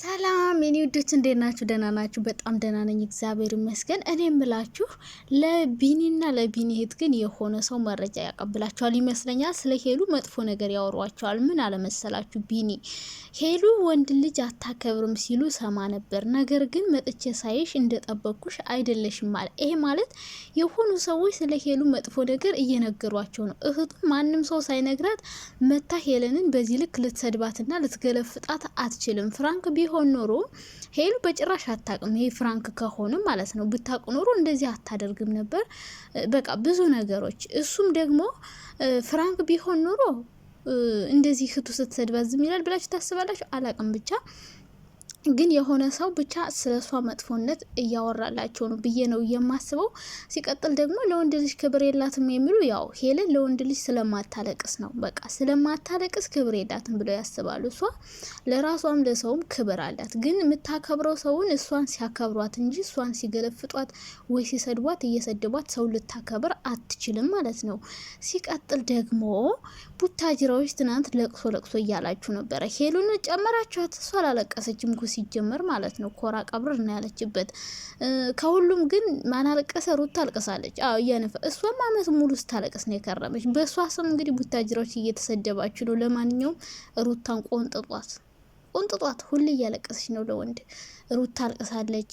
ሰላም የኔ ውዶች እንዴት ናችሁ? ደህና ናችሁ? በጣም ደህና ነኝ፣ እግዚአብሔር ይመስገን። እኔ የምላችሁ ለቢኒና ለቢኒ እህት ግን የሆነ ሰው መረጃ ያቀብላቸዋል ይመስለኛል። ስለ ሄሉ መጥፎ ነገር ያወሯቸዋል። ምን አለመሰላችሁ፣ ቢኒ ሄሉ ወንድ ልጅ አታከብርም ሲሉ ሰማ ነበር፣ ነገር ግን መጥቼ ሳይሽ እንደጠበቅኩሽ አይደለሽም ማለ። ይሄ ማለት የሆኑ ሰዎች ስለ ሄሉ መጥፎ ነገር እየነገሯቸው ነው። እህቱ ማንም ሰው ሳይነግራት መታ ሄለንን በዚህ ልክ ልትሰድባትና ልትገለፍጣት አትችልም። ፍራንክ ቢ ቢሆን ኖሮ ሄሉ በጭራሽ አታቅም። ይሄ ፍራንክ ከሆነ ማለት ነው። ብታቅ ኖሮ እንደዚህ አታደርግም ነበር። በቃ ብዙ ነገሮች እሱም ደግሞ ፍራንክ ቢሆን ኖሮ እንደዚህ እህቱ ስትሰድባ ዝም ይላል ብላችሁ ታስባላችሁ? አላቅም ብቻ ግን የሆነ ሰው ብቻ ስለ እሷ መጥፎነት እያወራላቸው ነው ብዬ ነው የማስበው። ሲቀጥል ደግሞ ለወንድ ልጅ ክብር የላትም የሚሉ ያው ሄለን ለወንድ ልጅ ስለማታለቅስ ነው በቃ ስለማታለቅስ ክብር የላትም ብለው ያስባሉ። እሷ ለራሷም ለሰውም ክብር አላት። ግን የምታከብረው ሰውን እሷን ሲያከብሯት እንጂ እሷን ሲገለፍጧት ወይ ሲሰድቧት እየሰድቧት ሰው ልታከብር አትችልም ማለት ነው። ሲቀጥል ደግሞ ቡታጅራዎች ትናንት ለቅሶ ለቅሶ እያላችሁ ነበረ። ሄሉን ጨመራችኋት። እሷ አላለቀሰችም ጉሲ ሲጀመር ማለት ነው። ኮራ ቀብር ነው ያለችበት። ከሁሉም ግን ማን አለቀሰ? ሩታ አልቀሳለች። አዎ እያነፈ እሷም አመት ሙሉ ስታለቀስ ነው የከረመች። በእሷ ስም እንግዲህ ቡታጅራዎች እየተሰደባችሁ ነው። ለማንኛውም ሩታን ቆንጥጧት ቁንጥጧት ሁሉ እያለቀሰች ነው ለወንድ ሩት አልቀሳለች።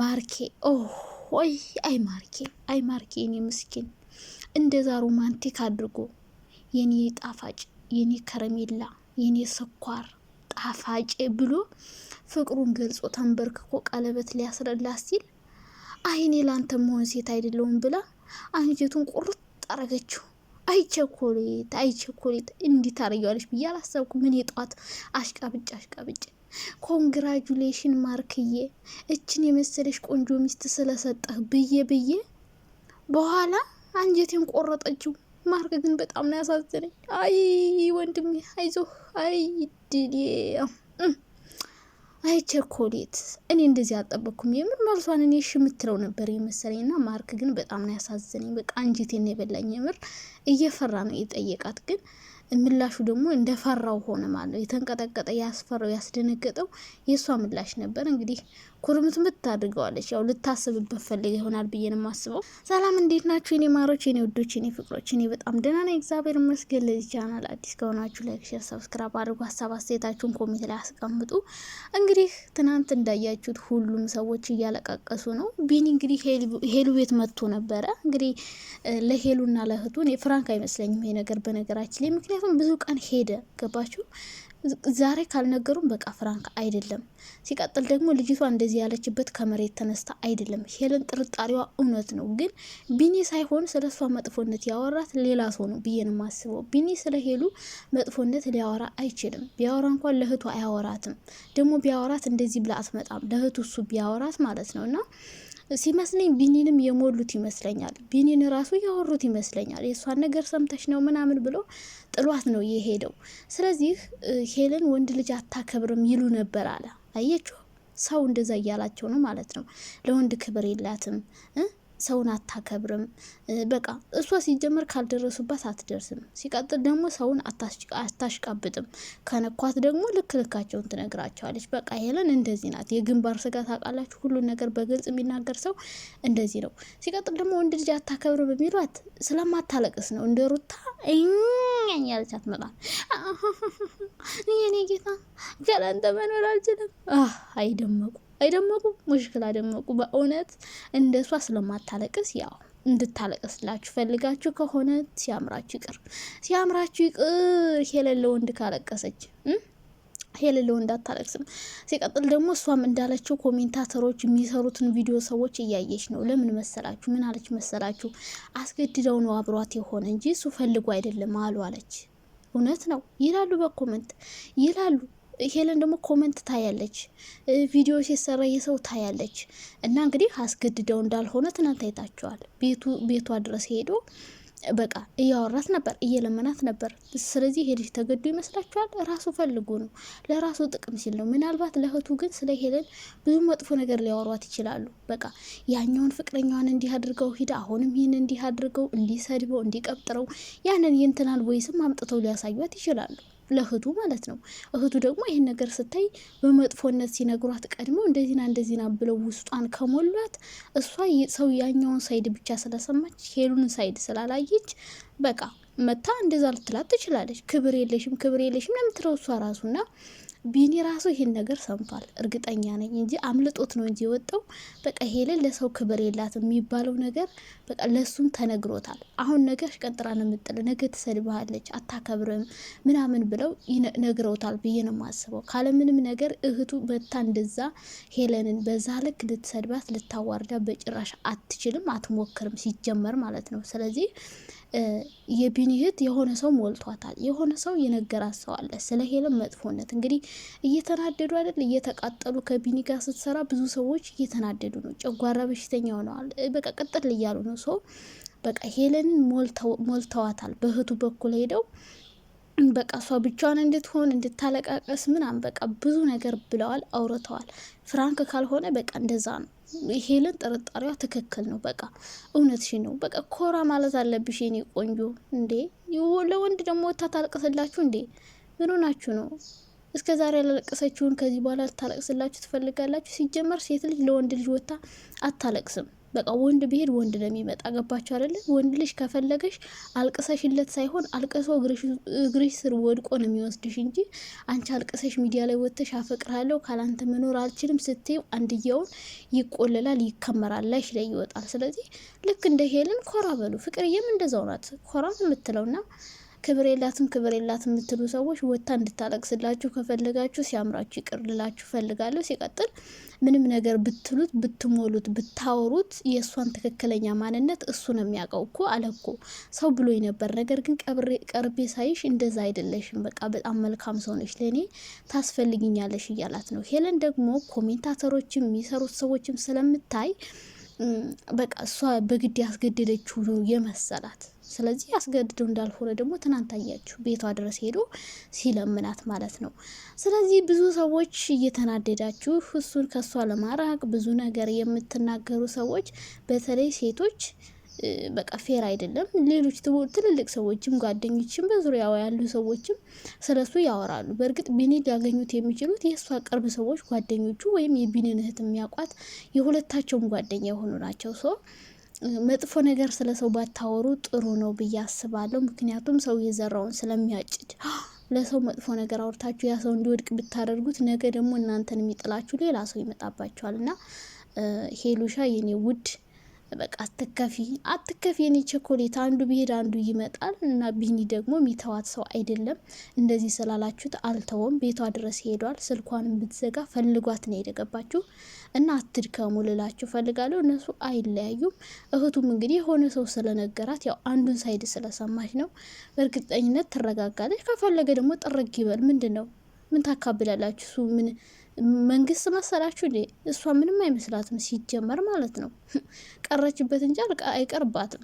ማርኬ ኦ ወይ አይ ማርኬ አይ ማርኬ የኔ ምስኪን እንደዛ ሮማንቲክ አድርጎ የኔ ጣፋጭ የኔ ከረሜላ የኔ ስኳር ጣፋጭ ብሎ ፍቅሩን ገልጾ ተንበርክኮ ቀለበት ሊያስረላት ሲል አይኔ ላንተ መሆን ሴት አይደለውም ብላ አንጀቱን ቁርጥ አረገችው። አይቸኮሌት አይቸኮሌት እንዲት ታረጊዋለች ብዬ አላሰብኩም። አሽቃ ብጭ አሽቃብጭ አሽቃብጭ ኮንግራጁሌሽን ማርክዬ እችን የመሰለች ቆንጆ ሚስት ስለሰጠህ ብዬ ብዬ በኋላ አንጀቴን ቆረጠችው። ማርክ ግን በጣም ነው ያሳዝነኝ። አይ ወንድሜ አይዞህ፣ አይ ድዴ አይ ቸኮሌት፣ እኔ እንደዚህ አልጠበኩም። የምር መልሷን እኔ እሺ የምትለው ነበር የመሰለኝ እና ማርክ ግን በጣም ነው ያሳዘነኝ። በቃ አንጀቴን የበላኝ የምር እየፈራ ነው የጠየቃት ግን ምላሹ ደግሞ እንደፈራው ሆነ ማለት ነው። የተንቀጠቀጠ ያስፈራው ያስደነገጠው የእሷ ምላሽ ነበር እንግዲህ ኩርምት ምታድርገዋለች። ያው ልታስብበት ፈልገ ይሆናል ብዬ ነው የማስበው። ሰላም እንዴት ናችሁ? እኔ ማሮች፣ እኔ ውዶች፣ እኔ ፍቅሮች፣ እኔ በጣም ደህና ነኝ እግዚአብሔር ይመስገን። ለዚህ ቻናል አዲስ ከሆናችሁ ላይክ፣ ሼር፣ ሰብስክራይብ አድርጉ። ሀሳብ አስተያየታችሁን ኮሜንት ላይ አስቀምጡ። እንግዲህ ትናንት እንዳያችሁት ሁሉም ሰዎች እያለቃቀሱ ነው። ቢኒ እንግዲህ ሄሉ ቤት መጥቶ ነበረ። እንግዲህ ለሄሉና ለእህቱ ፍራንክ አይመስለኝም ይሄ ነገር በነገራችን ላይ ምክንያቱም ብዙ ቀን ሄደ ገባችሁ ዛሬ ካልነገሩም በቃ ፍራንክ አይደለም። ሲቀጥል ደግሞ ልጅቷ እንደዚህ ያለችበት ከመሬት ተነስታ አይደለም። ሄለን ጥርጣሬዋ እውነት ነው፣ ግን ቢኒ ሳይሆን ስለ እሷ መጥፎነት ያወራት ሌላ ሰው ነው ብዬ ነው የማስበው። ቢኒ ስለ ሄሉ መጥፎነት ሊያወራ አይችልም። ቢያወራ እንኳን ለእህቱ አያወራትም። ደግሞ ቢያወራት እንደዚህ ብላ አትመጣም። ለእህቱ እሱ ቢያወራት ማለት ነው እና ሲመስለኝ ቢኒንም የሞሉት ይመስለኛል። ቢኒን ራሱ ያወሩት ይመስለኛል። የእሷን ነገር ሰምተሽ ነው ምናምን ብሎ ጥሏት ነው የሄደው። ስለዚህ ሄለን ወንድ ልጅ አታከብርም ይሉ ነበር አለ። አየችሁ፣ ሰው እንደዛ እያላቸው ነው ማለት ነው። ለወንድ ክብር የላትም ሰውን አታከብርም። በቃ እሷ ሲጀመር ካልደረሱባት አትደርስም። ሲቀጥል ደግሞ ሰውን አታሽቃብጥም። ከነኳት ደግሞ ልክ ልካቸውን ትነግራቸዋለች። በቃ ሄለን እንደዚህ ናት። የግንባር ስጋ ታውቃላችሁ። ሁሉን ነገር በግልጽ የሚናገር ሰው እንደዚህ ነው። ሲቀጥል ደግሞ ወንድ ልጅ አታከብርም የሚሏት ስለማታለቅስ ነው። እንደ ሩታ ያለች አትመጣም። የኔ ጌታ ካላንተ መኖር አልችልም። አይደመቁ አይደመቁ ሙሽክል አደመቁ በእውነት እንደሷ ስለማታለቅስ ያው እንድታለቅስላችሁ ፈልጋችሁ ከሆነ ሲያምራችሁ ይቅር፣ ሲያምራችሁ ይቅር። የሌለ ወንድ ካለቀሰች ይሄ ወንድ አታለቅስም። ሲቀጥል ደግሞ እሷም እንዳለችው ኮሜንታተሮች የሚሰሩትን ቪዲዮ ሰዎች እያየች ነው። ለምን መሰላችሁ? ምን አለች መሰላችሁ? አስገድደው ነው አብሯት የሆነ እንጂ እሱ ፈልጎ አይደለም አሉ አለች። እውነት ነው ይላሉ፣ በኮመንት ይላሉ። ሄለን ደግሞ ኮመንት ታያለች፣ ቪዲዮ ሲሰራ የሰው ታያለች። እና እንግዲህ አስገድደው እንዳልሆነ ትናንት አይታቸዋል። ቤቷ ድረስ ሄዶ በቃ እያወራት ነበር፣ እየለመናት ነበር። ስለዚህ ሄልሽ ተገዱ ይመስላችኋል? ራሱ ፈልጉ ነው፣ ለራሱ ጥቅም ሲል ነው። ምናልባት ለእህቱ ግን ስለ ሄለን ብዙ መጥፎ ነገር ሊያወሯት ይችላሉ። በቃ ያኛውን ፍቅረኛዋን እንዲህ አድርገው ሂደ፣ አሁንም ይህን እንዲህ አድርገው፣ እንዲሰድበው፣ እንዲቀብጥረው፣ ያንን የእንትናን ወይስም አምጥተው ሊያሳዩት ይችላሉ። ለእህቱ ማለት ነው። እህቱ ደግሞ ይህን ነገር ስታይ በመጥፎነት ሲነግሯት ቀድመው እንደዚህና እንደዚህና ብለው ውስጧን ከሞሏት እሷ ሰው ያኛውን ሳይድ ብቻ ስለሰማች ሄሉን ሳይድ ስላላየች በቃ መታ እንደዛ ልትላት ትችላለች። ክብር የለሽም ክብር የለሽም ለምትለው እሷ ራሱና ቢኒ ራሱ ይሄን ነገር ሰምቷል እርግጠኛ ነኝ እንጂ አምልጦት ነው እንጂ የወጣው። በቃ ሄለን ለሰው ክብር የላት የሚባለው ነገር በቃ ለሱም ተነግሮታል። አሁን ነገር ሽቀንጥራ ነው የምጥል፣ ነገ ትሰድብሃለች፣ አታከብርም ምናምን ብለው ነግረውታል ብዬ ነው የማስበው። ካለምንም ነገር እህቱ በታ እንደዛ ሄለንን በዛ ልክ ልትሰድባት ልታዋርዳ በጭራሽ አትችልም፣ አትሞክርም ሲጀመር ማለት ነው። ስለዚህ የቢኒ እህት የሆነ ሰው ሞልቷታል። የሆነ ሰው የነገራት ሰው አለ ስለ ሄለም መጥፎነት። እንግዲህ እየተናደዱ አይደል እየተቃጠሉ ከቢኒ ጋር ስትሰራ ብዙ ሰዎች እየተናደዱ ነው። ጨጓራ በሽተኛ ሆነዋል። በቃ ቅጥል እያሉ ነው። ሰው በቃ ሄለንን ሞልተዋታል። በእህቱ በኩል ሄደው በቃ እሷ ብቻዋን እንድትሆን እንድታለቃቀስ ምናምን በቃ ብዙ ነገር ብለዋል፣ አውርተዋል። ፍራንክ ካልሆነ በቃ እንደዛ ነው። ሄለን ጥርጣሬዋ ትክክል ነው። በቃ እውነትሽ ነው። በቃ ኮራ ማለት አለብሽ የኔ ቆንጆ። እንዴ ለወንድ ደግሞ ወታ ታለቅስላችሁ እንዴ? ምን ናችሁ ነው? እስከ ዛሬ ያላለቀሰችውን ከዚህ በኋላ ልታለቅስላችሁ ትፈልጋላችሁ? ሲጀመር ሴት ልጅ ለወንድ ልጅ ወታ አታለቅስም። በቃ ወንድ ብሄድ ወንድ ነው የሚመጣ። ገባቸው አይደለ? ወንድ ልጅ ከፈለገሽ አልቅሰሽለት ሳይሆን አልቅሶ እግርሽ ስር ወድቆ ነው የሚወስድሽ እንጂ አንቺ አልቅሰሽ ሚዲያ ላይ ወጥተሽ አፈቅራለሁ ካላንተ መኖር አልችልም ስትይ አንድያውን ይቆለላል፣ ይከመራል፣ ላይሽ ላይ ይወጣል። ስለዚህ ልክ እንደ ሄልን ኮራ በሉ። ፍቅርዬም እንደዛው ናት ኮራ የምትለውና ክብር የላትም ክብር የላትም የምትሉ ሰዎች ወታ እንድታለቅስላችሁ ከፈልጋችሁ ሲያምራችሁ ይቅርልላችሁ ፈልጋለሁ። ሲቀጥል ምንም ነገር ብትሉት ብትሞሉት ብታወሩት የእሷን ትክክለኛ ማንነት እሱ ነው የሚያውቀው። እኮ አለኮ ሰው ብሎ ነበር። ነገር ግን ቀርቤ ሳይሽ እንደዛ አይደለሽም፣ በቃ በጣም መልካም ሰው ነች፣ ለእኔ ታስፈልግኛለሽ እያላት ነው። ሄለን ደግሞ ኮሜንታተሮችም የሚሰሩት ሰዎችም ስለምታይ በቃ እሷ በግድ ያስገደደችው ነው የመሰላት ስለዚህ አስገድዶ እንዳልሆነ ደግሞ ትናንት አያችሁ ቤቷ ድረስ ሄዶ ሲለምናት ማለት ነው። ስለዚህ ብዙ ሰዎች እየተናደዳችሁ እሱን ከሷ ለማራቅ ብዙ ነገር የምትናገሩ ሰዎች በተለይ ሴቶች በቃ ፌር አይደለም። ሌሎች ትልልቅ ሰዎችም ጓደኞችም በዙሪያው ያሉ ሰዎችም ስለሱ ያወራሉ። በእርግጥ ቢኒ ሊያገኙት የሚችሉት የእሷ ቅርብ ሰዎች ጓደኞቹ ወይም የቢኒን እህት የሚያውቋት የሁለታቸውም ጓደኛ የሆኑ ናቸው ሰው መጥፎ ነገር ስለ ሰው ባታወሩ ጥሩ ነው ብዬ አስባለሁ። ምክንያቱም ሰው የዘራውን ስለሚያጭድ ለሰው መጥፎ ነገር አውርታችሁ ያ ሰው እንዲወድቅ ብታደርጉት ነገ ደግሞ እናንተን የሚጥላችሁ ሌላ ሰው ይመጣባችኋል እና ሄሉሻ የኔ ውድ በቃ አትከፊ አትከፊ፣ የኔ ቸኮሌት አንዱ ብሄድ አንዱ ይመጣል እና ቢኒ ደግሞ የሚተዋት ሰው አይደለም። እንደዚህ ስላላችሁት አልተውም። ቤቷ ድረስ ሄዷል። ስልኳንም ብትዘጋ ፈልጓት ነው የደገባችሁ እና አትድከሙ ልላችሁ ፈልጋለሁ። እነሱ አይለያዩም። እህቱም እንግዲህ የሆነ ሰው ስለነገራት ያው አንዱን ሳይድ ስለሰማች ነው። በእርግጠኝነት ትረጋጋለች። ከፈለገ ደግሞ ጥርግ ይበል። ምንድን ነው ምን ታካብላላችሁ? እሱ ምን መንግስት መሰላችሁ እንዴ? እሷ ምንም አይመስላትም ሲጀመር ማለት ነው። ቀረችበት እንጂ አይቀርባትም።